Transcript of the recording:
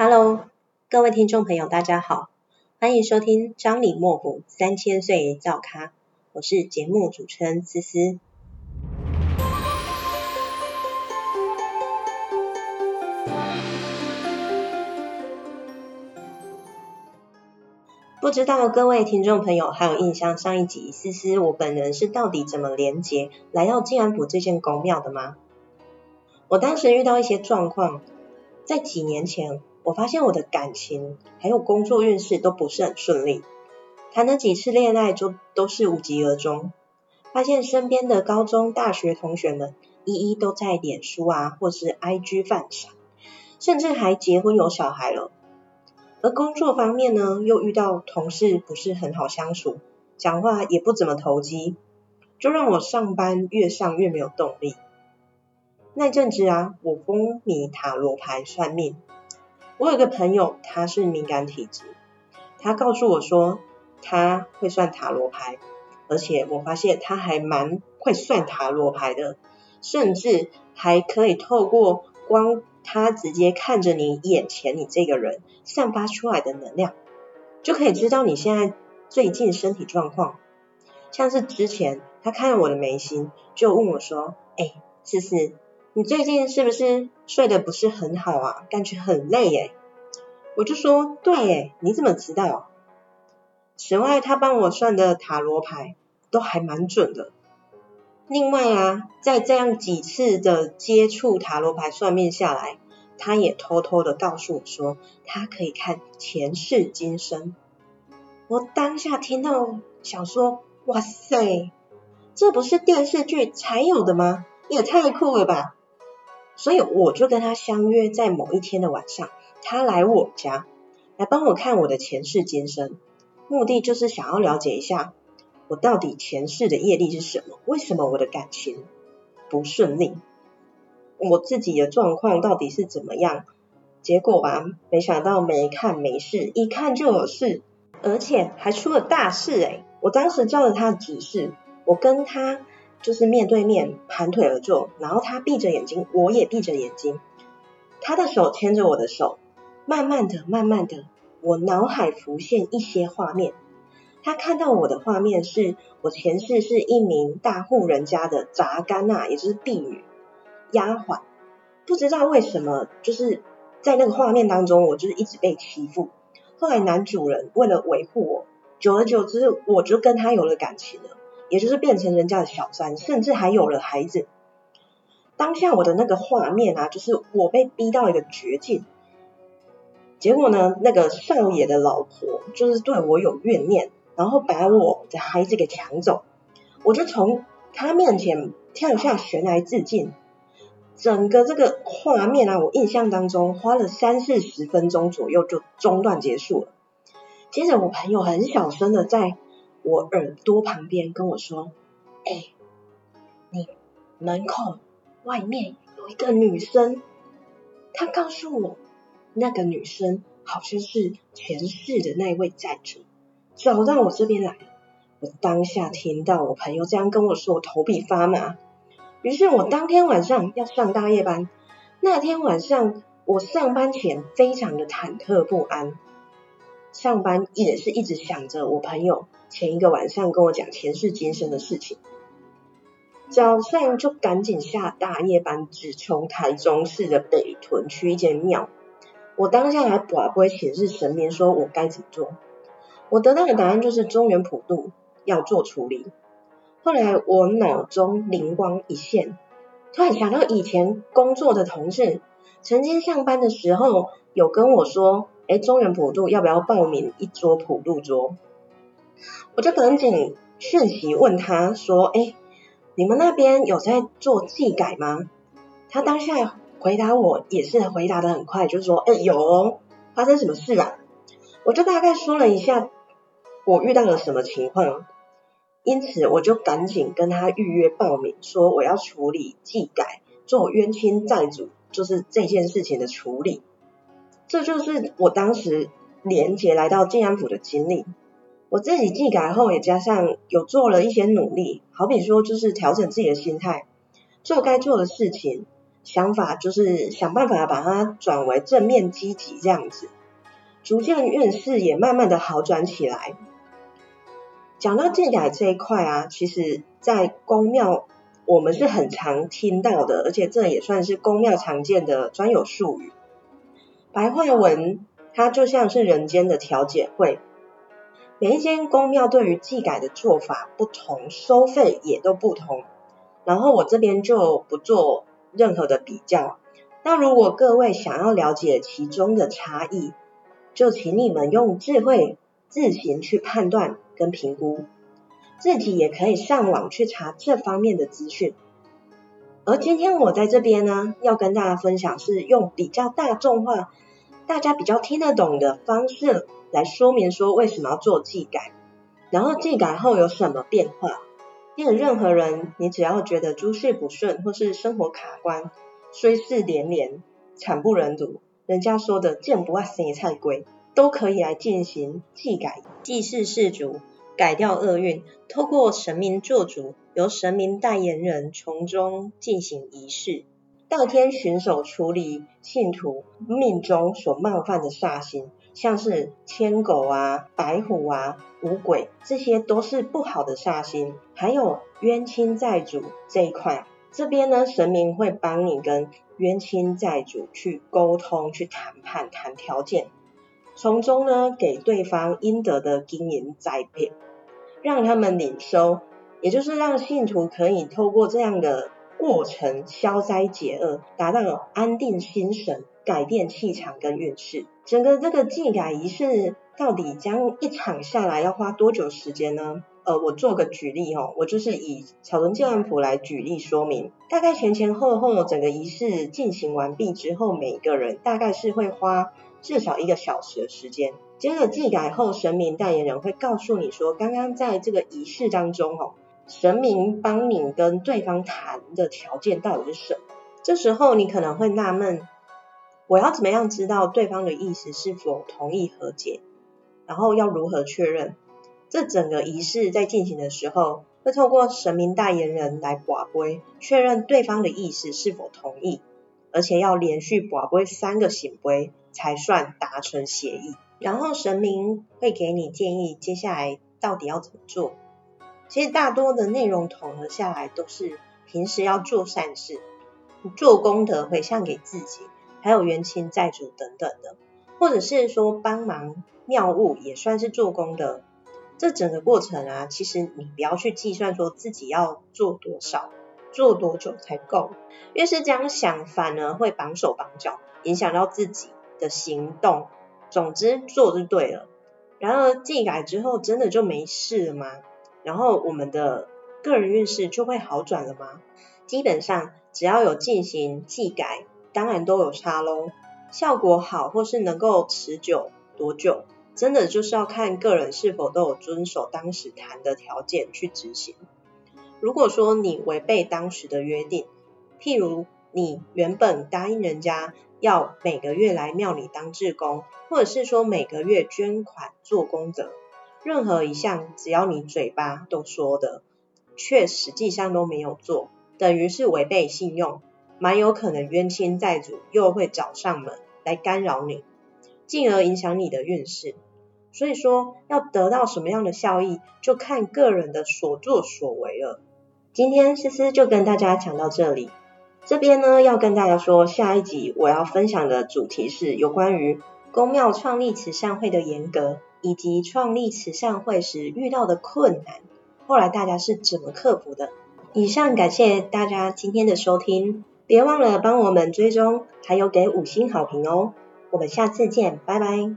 Hello，各位聽眾朋友，大家好，歡迎收聽張李莫府三千歲造咖，我是節目主持人思思。不知道各位聽眾朋友還有印象上一集思思我本人是到底怎麼連接來到進安府這間宮廟的嗎？我當時遇到一些狀況，在幾年前。我發現我的感情還有工作運勢都不是很順利，談了幾次戀愛就都是無疾而終。發現身邊的高中、大學同學們，一一都在臉書啊或是 IG 版上，甚至還結婚有小孩了。而工作方面呢，又遇到同事不是很好相處，講話也不怎麼投機，就讓我上班越上越沒有動力。那陣子啊，我封你塔羅牌算命。我有一個朋友，他是敏感體質，他告訴我說他會算塔羅牌，而且我發現他還蠻會算塔羅牌的，甚至還可以透過光，他直接看着你眼前你這個人散發出來的能量，就可以知道你現在最近身體狀況。像是之前他看了我的眉心，就問我說：“哎，絲絲？”你最近是不是睡得不是很好啊？感覺很累耶、欸。我就說對耶、欸，你怎麼知道、啊？此外，他幫我算的塔羅牌都還蠻準的。另外啊，在這樣幾次的接觸塔羅牌算命下來，他也偷偷的告訴我說，他可以看前世今生。我當下聽到想說，哇塞，這不是電視劇才有的嗎？也太酷了吧！所以我就跟他相約在某一天的晚上，他來我家，來幫我看我的前世今生，目的就是想要了解一下我到底前世的業力是什麼，為什麼我的感情不順利，我自己的狀況到底是怎麼樣。結果吧，沒想到沒看沒事，一看就有事，而且還出了大事，誒，我當時照了他的指示，我跟他。就是面對面盤腿而坐，然後他閉着眼睛，我也閉着眼睛。他的手牽着我的手，慢慢的、慢慢的，我腦海浮現一些畫面。他看到我的畫面是我前世是一名大戶人家的雜乾那，也就是婢女、丫鬟。不知道為什麼，就是在那個畫面當中，我就是一直被欺負。後來男主人為了維護我，久而久之，我就跟他有了感情了。也就是變成人家的小三，甚至還有了孩子。當下我的那個畫面啊，就是我被逼到一個絕境，結果呢，那個少爺的老婆就是對我有怨念，然後把我的孩子給搶走，我就從他面前跳下懸崖自盡。整個這個畫面啊，我印象當中花了三四十分鐘左右就中斷結束了。接着我朋友很小聲的在。我耳朵旁邊跟我說：“哎、欸，你門口外面有一個女生，她告訴我，那個女生好像是前世的那位債主，找到我這邊來，我當下聽到我朋友這樣跟我說，我頭皮發麻。於是，我當天晚上要上大夜班。那天晚上，我上班前非常的忐忑不安。上班也是一直想着我朋友前一個晚上跟我講前世今生的事情。早上就趕緊下大夜班，只從台中市的北屯去一間廟。我當下來把歸請示神明，說我該怎麼做。我得到的答案就是中元普渡要做處理。後來我腦中靈光一現，突然想到以前工作的同事曾經上班的時候有跟我說。哎，中原普渡要不要報名一桌普渡桌？我就趕緊訊息問他說，哎，你們那邊有在做祭改嗎？他當下回答我也是回答得很快，就是說，哎，有，哦，發生什麼事啊？我就大概說了一下我遇到了什麼情況，因此我就趕緊跟他預約報名，說我要處理祭改，做冤親債主，就是這件事情的處理。這就是我當時連結來到進安府的經歷。我自己祭改後，也加上有做了一些努力，好比說就是調整自己的心態，做該做的事情，想法就是想辦法把它轉為正面積極這樣子，逐漸運勢也慢慢的好轉起來。講到祭改這一塊啊，其實在宮廟我們是很常聽到的，而且這也算是宮廟常見的專有術語。白話文，它就像是人間的調解會。每一間宮廟對於祭改的做法不同，收費也都不同。然後我這邊就不做任何的比較。那如果各位想要了解其中的差異，就請你們用智慧自行去判斷跟評估。自己也可以上網去查這方面的資訊。而今天我在這邊呢，要跟大家分享是用比較大眾化、大家比較聽得懂的方式來說明說，為什麼要做祭改，然後祭改後有什麼變化。因為任何人，你只要覺得諸事不順或是生活卡關、衰事連連、慘不忍睹，人家說的見不慣也菜貴，都可以來進行祭改，祭祀世族，改掉厄運，透過神明做主，由神明代言人從中進行儀式，代天巡狩處理信徒命中所冒犯的煞星，像是天狗啊、白虎啊、五鬼，這些都是不好的煞星。還有冤親債主這一塊，這邊呢，神明會幫你跟冤親債主去溝通、去談判、談條件，從中呢，給對方應得的金銀財寶，讓他們領收。也就是讓信徒可以透過這樣的過程消災解厄，達到安定心神、改變氣場跟運勢。整個這個祭改儀式到底將一場下來要花多久時間呢？呃，我做個舉例哦，我就是以草屯進安府來舉例說明。大概前前後後整個儀式進行完畢之後，每一個人大概是會花至少一個小時的時間。接着祭改後，神明代言人會告訴你說，剛剛在這個儀式當中，神明幫你跟對方談的條件到底是什麼？這時候你可能會納悶，我要怎麼樣知道對方的意思是否同意和解？然後要如何確認？這整個儀式在進行的時候，會透過神明代言人來擲筊，確認對方的意思是否同意，而且要連續擲筊三個聖杯才算達成協議。然後神明會給你建議，接下來到底要怎麼做？其實大多的內容統合下來，都是平時要做善事、做功德回向給自己，還有冤親債主等等的，或者是說幫忙廟務，也算是做功德。這整個過程啊，其實你不要去計算說自己要做多少、做多久才夠。越是這樣想法呢，反而會綁手綁腳，影響到自己的行動。總之做就對了。然而，祭改之後，真的就沒事了嗎？然後我們的個人運勢就會好轉了嗎？基本上只要有進行祭改，當然都有差嘍。效果好或是能夠持久多久，真的就是要看個人是否都有遵守當時談的條件去執行。如果說你違背當時的約定，譬如你原本答應人家要每個月來廟裡當志工，或者是說每個月捐款做功德。任何一項只要你嘴巴都說的，卻實際上都沒有做，等於是違背信用，蠻有可能冤親債主又會找上門來干擾你，進而影響你的運勢。所以說，要得到什麼樣的效益，就看個人的所作所為了。今天絲絲就跟大家講到這裡，這邊呢要跟大家說，下一集我要分享的主題是有關於宮廟創立慈善會的沿革。以及創立慈善會時遇到的困難，後來大家是怎麼克服的？以上感謝大家今天的收聽，別忘了幫我們追蹤還有給五星好評哦。我們下次見，拜拜。